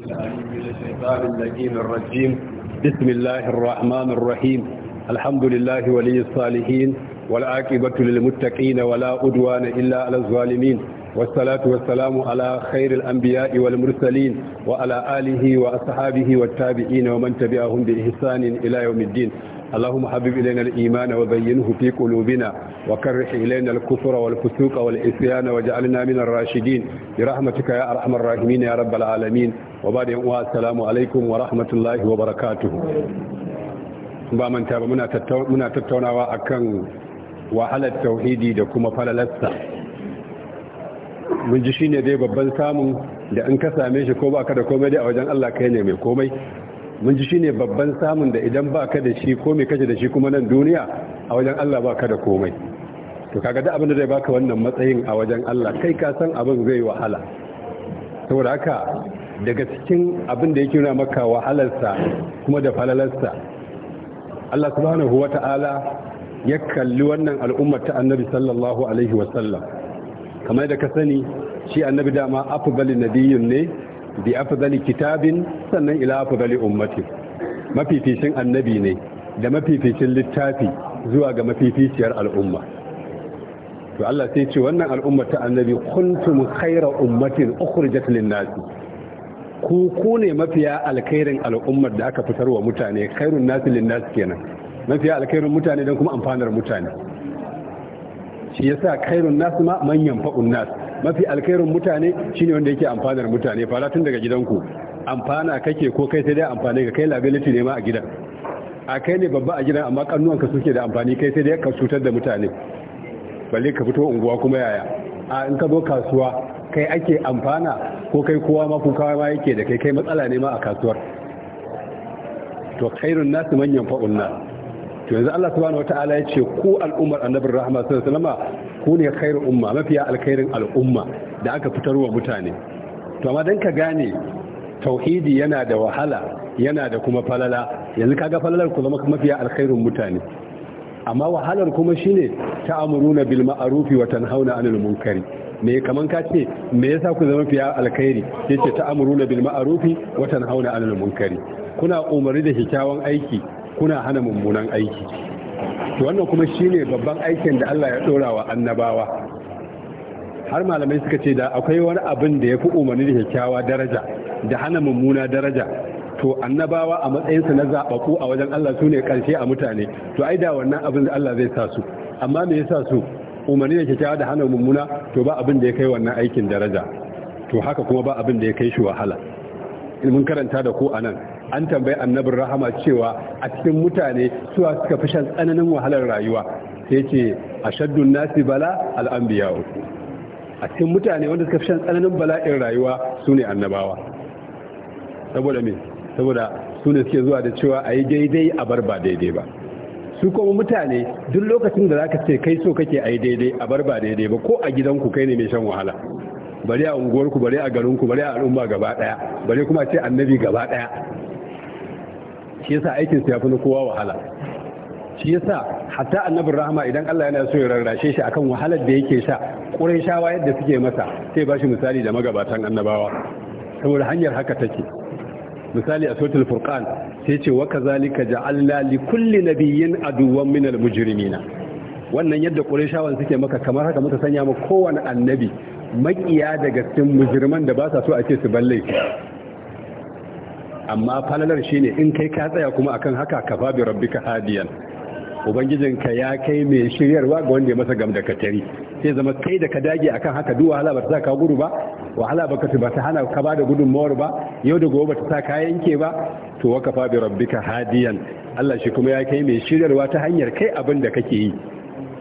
الشيطان اللجيم الرجيم بسم الله الرحمن الرحيم الحمد لله ولي الصالحين والعاقبة للمتقين ولا أدوان إلا على الظالمين والصلاة والسلام على خير الأنبياء والمرسلين وعلى آله وأصحابه والتابعين ومن تبعهم بإحسان إلى يوم الدين اللهم حبب إلينا الإيمان وبينه في قلوبنا وكرح إلينا الكفر والفسوق والعصيان وجعلنا من الراشدين برحمتك يا أرحم الراحمين يا رب العالمين wa ba da yan uwa assalamu alaikum wa rahmatullahi wa barakatuh ba manta ba muna tattaunawa akan wahalar tauhidi da kuma falalarsa mun ji shine dai babban samun da in ka same shi ko ba ka da komai dai a wajen Allah kai ne mai komai mun ji shine babban samun da idan ba ka da shi ko me kashe da shi kuma nan duniya a wajen Allah ba ka da komai to kaga duk abin da zai baka wannan matsayin a wajen Allah kai ka san abin zai wahala saboda haka daga cikin abin da yake nuna maka wahalarsa kuma da falalarsa Allah subhanahu ta'ala ya kalli wannan al'ummar ta annabi sallallahu alaihi wasallam kamar da ka sani shi annabi dama afdali nabiyyun ne bi afdali kitabin sannan ila afdali ummati mafificin annabi ne da mafificin littafi zuwa ga mafificiyar al'umma to Allah sai ce wannan al'ummar ta annabi kuntum khayra ummatin ukhrijat lin-nasi ku ku ne mafiya alkhairin al'ummar da aka fitar wa mutane khairun nasi lin nas kenan mafiya alkhairin mutane don kuma amfanar mutane shi yasa khairun nas ma manyan yanfa'un nas mafi alkhairin mutane shine wanda yake amfanar mutane fara tun daga gidanku amfana kake ko kai sai dai amfani ga kai liability ne ma a gidan a kai ne babba a gidan amma kannuwanka suke da amfani kai sai dai ka cutar da mutane balle ka fito unguwa kuma yaya a in ka zo kasuwa kai ake amfana ko kai kowa ma kuka ma yake da kai kai matsala ne ma a kasuwar to khairun nasu manyan fa'un nas to yanzu Allah subhanahu wataala ya ce ku al'ummar annabin rahama sallallahu alaihi ku ne khairun umma mafiya alkhairin al'umma da aka fitarwa mutane to amma dan ka gane tauhidi yana da wahala yana da kuma falala yanzu kaga falalar ku zama mafiya alkhairin mutane amma wahalar kuma shine ta'amuruna bil ma'ruf wa tanhauna 'anil munkari me kaman ka ce me yasa ku zama fiya alkhairi yace na bil ma'arufi wa tanhauna 'anil munkari kuna umarni da kyakkyawan aiki kuna hana mummunan aiki to wannan kuma shine babban aikin da Allah ya dora wa annabawa har malamai suka ce da akwai wani abin da ya fi umarni da kyakkyawa daraja da hana mummuna daraja to annabawa a matsayinsu na zaɓaɓɓu a wajen Allah sune ne ƙarshe a mutane to ai da wannan abin da Allah zai sa su amma me yasa su umarni da kyakkyawa da hana mummuna to ba abin da ya kai wannan aikin daraja to haka kuma ba abin da ya kai shi wahala in mun karanta da ku anan an tambayi annabin rahama cewa a cikin mutane suwa suka fi shan tsananin wahalar rayuwa sai ce shaddun nasi bala al'anbiya'u a cikin mutane wanda suka fi shan tsananin bala'in rayuwa su ne annabawa saboda me saboda su ne suke zuwa da cewa a yi daidai a bar ba daidai ba su kuma mutane duk lokacin da zaka ce kai so kake ai daidai a bar ba daidai ba ko a gidanku kai ne mai shan wahala bari a unguwarku bari a garinku bari a al'umma gaba daya bari kuma ce annabi gaba daya shi yasa aikin sa yafi na kowa wahala shi yasa hatta annabi rahama idan Allah yana so ya rarrashe shi akan wahalar da yake sha ƙurai shawa yadda suke masa sai ba misali da magabatan annabawa saboda hanyar haka take misali a sautul furqan sai ce wa kazalika ja'alna li kulli nabiyyin aduwwan min mujrimina wannan yadda qurayshawan suke maka kamar haka muka sanya maka kowane annabi makiya daga cikin mujriman da ba sa so a ce su balle amma falalar shine in kai ka tsaya kuma akan haka ka bi rabbika hadiyan ubangijinka ya kai mai shiryarwa ga wanda ya masa gamda katari sai zama kai da ka dage akan haka duk wahala ba ta sa ka gudu ba wahala ba ka ba ta hana ka ba da gudunmawar ba yau da gobe ba ta sa ka yanke ba to waka fa bi rabbika hadiyan Allah shi kuma ya kai mai shiryarwa ta hanyar kai abin da kake yi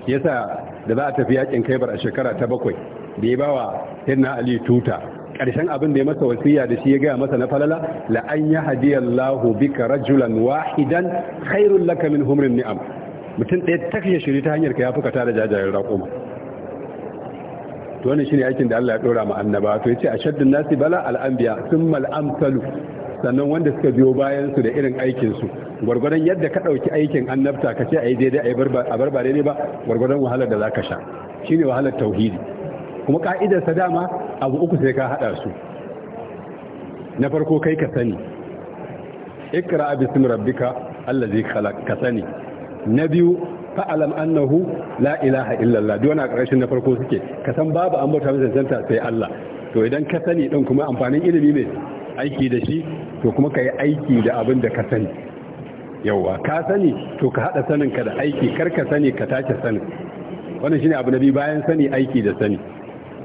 yasa da za a tafi yakin kai bar a shekara ta bakwai da ya bawa hirna ali tuta ƙarshen abin da ya masa wasiya da shi ya gaya masa na falala la an ya hadiyallahu bika rajulan wahidan khairul laka min humrin ni'am mutum ɗaya ta kashe shiri ta hanyar ka ya fuka da jajayen raƙuma to wannan shine aikin da Allah ya dora ma annaba to a ashaddun nasi bala al sun thumma amsalu sannan wanda suka biyo bayan su da irin aikin su gwargwadon yadda ka ɗauki aikin annabta ka ce ayi daidai barba a barbare ne ba gwargwadon wahalar da zaka sha shine wahalar tauhidi kuma ka'idar sa dama abu uku sai ka haɗa su na farko kai ka sani ikra bismi rabbika allazi khalaq ka sani na biyu fa'alam annahu la ilaha illallah duk wani a ƙarshen na farko suke ka san babu an bauta zanta sai Allah to idan ka sani ɗin kuma amfanin ilimi ne aiki da shi to kuma ka yi aiki da abin da ka sani yauwa ka sani to ka haɗa sanin ka da aiki kar ka sani ka tace sanin wannan shine abu na biyu bayan sani aiki da sani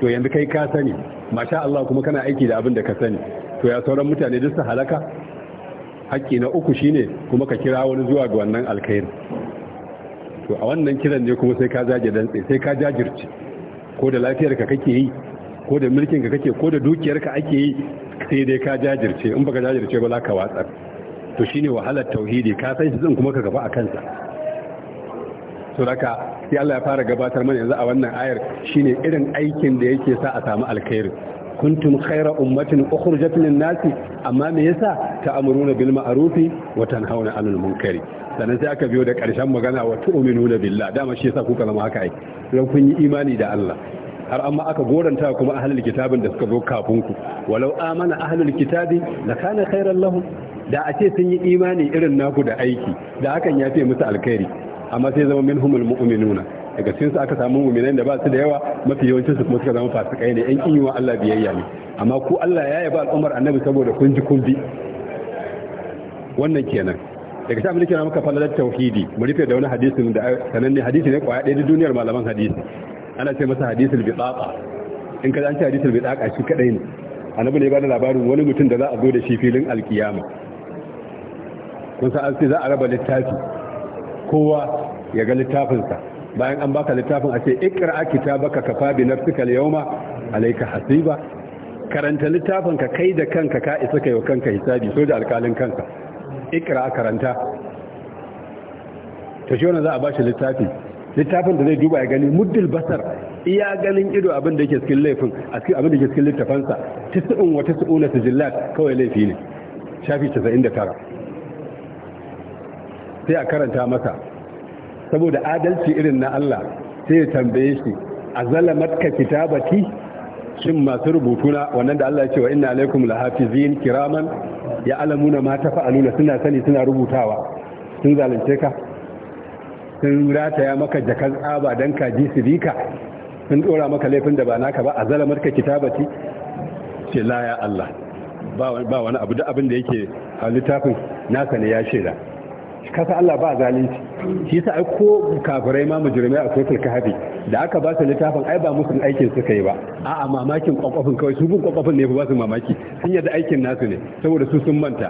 to yanzu kai ka sani masha Allah kuma kana aiki da abin da ka sani to ya sauran mutane duk su halaka haƙƙi na uku shine kuma ka kira wani zuwa ga wannan alkhairi to a wannan kiran ne kuma sai ka zage dantse sai ka jajirce ko da lafiyar ka kake yi ko da mulkin ka kake ko da dukiyar ka ake yi sai dai ka jajirce in baka jajirce ba za ka watsar to shine wahalar tauhidi ka san shi zan kuma ka gaba a kansa to sai Allah ya fara gabatar mana yanzu a wannan ayar shine irin aikin da yake sa a samu alkhairi kuntum khaira ummatin ukhrijat lin nasi amma me yasa ta amuruna bil ma'rufi wa tanhauna 'anil munkari sannan sai aka biyo da karshen magana wa tu'minuna billah dama shi yasa kuka zama haka ai dan kun yi imani da Allah har amma aka goranta kuma ahlul kitabin da suka zo kafin ku walau amana ahlul kitabi lakana khairan lahum da a ce sun yi imani irin naku da aiki da hakan ya fi musu alkhairi amma sai zama minhumul mu'minuna daga cikinsu aka samu mu'minan da ba su da yawa mafi yawancin su kuma suka zama fasikai ne yan kinyuwa Allah biyayya ne amma ku Allah ya yaba al'ummar annabi saboda kun ji kun bi wannan kenan daga cikin abin da kira maka falalar tauhidi mu rufe da wani hadisin da sananne hadisi ne kwaya ɗaya da duniyar malaman hadisi ana ce masa hadisul bidaqa in ka an ce hadisul bidaqa shi kadai ne annabi ne ba da labarin wani mutum da za a zo da shi filin alkiyama kun san an ce za a raba littafi kowa ya ga littafinsa bayan an baka littafin a ce ikra kitabaka kafa bi nafsika al-yawma alayka hasiba karanta littafin ka kai da kanka ka isa kai wa kanka hisabi so da alkalin kanka ikra karanta to shi wannan za a bashi littafi littafin da zai duba ya gani muddil basar iya ganin ido abin da yake cikin laifin a cikin abin da yake cikin littafansa tis'un wa tis'una sijillat kawai laifi ne shafi 99 sai a karanta masa saboda adalci irin na Allah sai ya tambaye shi a zalamat ka kitabati shin masu rubutuna wannan da Allah ya ce wa inna alaikum lahafizin kiraman ya alamuna ma tafa'aluna suna sani suna rubutawa sun zalunce ka sun rataya maka jakan tsaba dan kaji su bi ka? sun dora maka laifin da ba naka ba a zalamat ka kitabati ce la ya Allah ba wani abu da abin da yake a littafin naka ne ya shaida kasa Allah ba zalunci shi yasa ai ko kafirai ma mujrimai a suratul hafi. da aka ba su littafin ai ba musu aikin suka yi ba a'a mamakin kwakwafin kawai su bin kwakwafin ne ba su mamaki sun yadda aikin nasu ne saboda su sun manta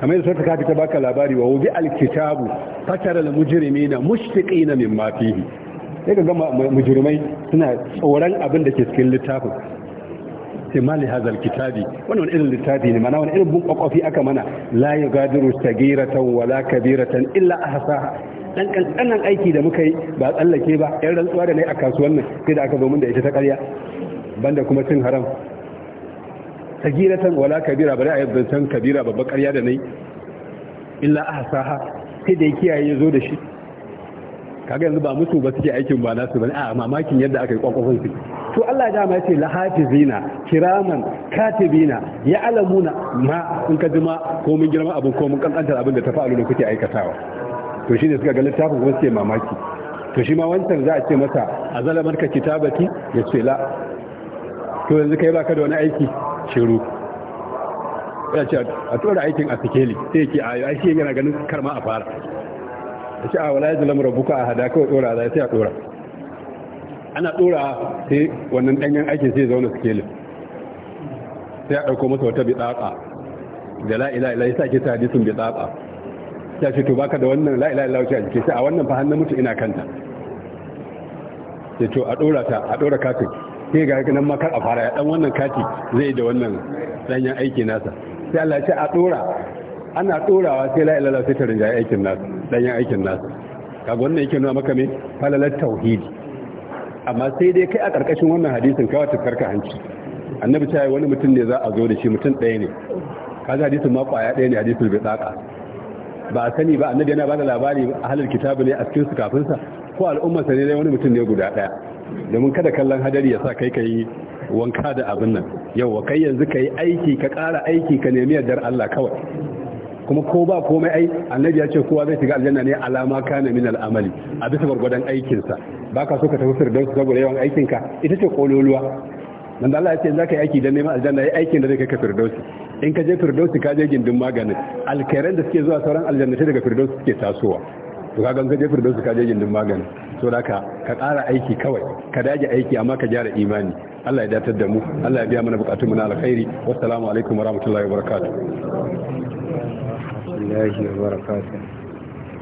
kamar yadda suka kahfi ta baka labari wa wubi alkitabu fatara almujrimina na mimma fihi sai ka ga mujrimai suna tsoron abin da ke cikin littafin ce li hazal kitabi wannan irin littafi ne mana wani irin bun kwakwafi aka mana la gadiru sagiratan wala kabiratan illa ahsaha dan kankanan aiki da muka yi ba tsallake ba yan rantsuwa da nayi a kasuwan nan sai da aka zo mun da ita ta ƙarya banda kuma cin haram sagiratan wala kabira bari a yi yadda san kabira babba ƙarya da nayi illa ahsaha sai da ya kiyaye ya zo da shi kaga yanzu ba musu ba suke aikin ba nasu bane a mamakin yadda aka yi kwakwafin su to Allah dama yace lahafizina kiraman katibina ya'lamuna ma in ka jima ko mun girma abu ko mun kankantar abin da ta fa'alu da kuke aikatawa to shine suka ga littafin kuma suke mamaki to shi ma wancan za a ce masa azala ka kitabati ya ce la to yanzu kai baka da wani aiki shiru ya ce a tura aikin a sikeli sai yake a yi aiki yana ganin karma a fara ya ce a wala ya zalamu rabuka a hada kawai tsora za sai a dora. ana dora sai wannan danyen aikin sai zauna kele sai a ɗauko masa wata bitsatsa da la'ila ila sa ke tsadi sun bitsatsa ta ce to baka da wannan la'ila ila wuce a jike sai a wannan fa hannun mutu ina kanta sai to a dora ta a dora katin sai ga nan makar a fara ya dan wannan kati zai da wannan danyen aiki nasa sai Allah ya ce a dora ana dorawa sai la'ila ila sai ta rinjaye aikin nasa danyen aikin nasa kaga wannan yake nuna maka me falalar tauhidi amma sai dai kai a ƙarƙashin wannan hadisin kawai tafarka hanci annabi ta yi wani mutum ne za a zo da shi mutum ɗaya ne kaji hadisin ma ƙwaya ɗaya ne hadisin bai tsaka ba a sani ba annabi yana ba da labari a halar kitabu ne a cikin su kafin sa ko al'ummarsa ne dai wani mutum ne guda ɗaya domin kada kallon hadari ya sa kai ka yi wanka da abin nan yau wa kai yanzu ka yi aiki ka ƙara aiki ka nemi yardar Allah kawai kuma ko ba komai ai annabi ya ce kowa zai shiga aljanna ne alama kana min al'amali a bisa gwargwadon aikinsa baka so ka tafi su saboda yawan aikinka ita ce kololuwa dan Allah ya ce in zaka yi aiki dan neman aljanna yi aikin da zai kai ka firdausi in ka je firdausi ka je gindin maganin alkairan da suke zuwa sauran aljannatai daga firdausi suke tasowa to ka ganka je firdausi ka je gindin maganin so da ka ka ƙara aiki kawai ka dage aiki amma ka gyara imani Allah ya datar da mu Allah ya biya mana bukatun mu na alkhairi wassalamu alaikum warahmatullahi wabarakatuh warahmatullahi wa barakatuh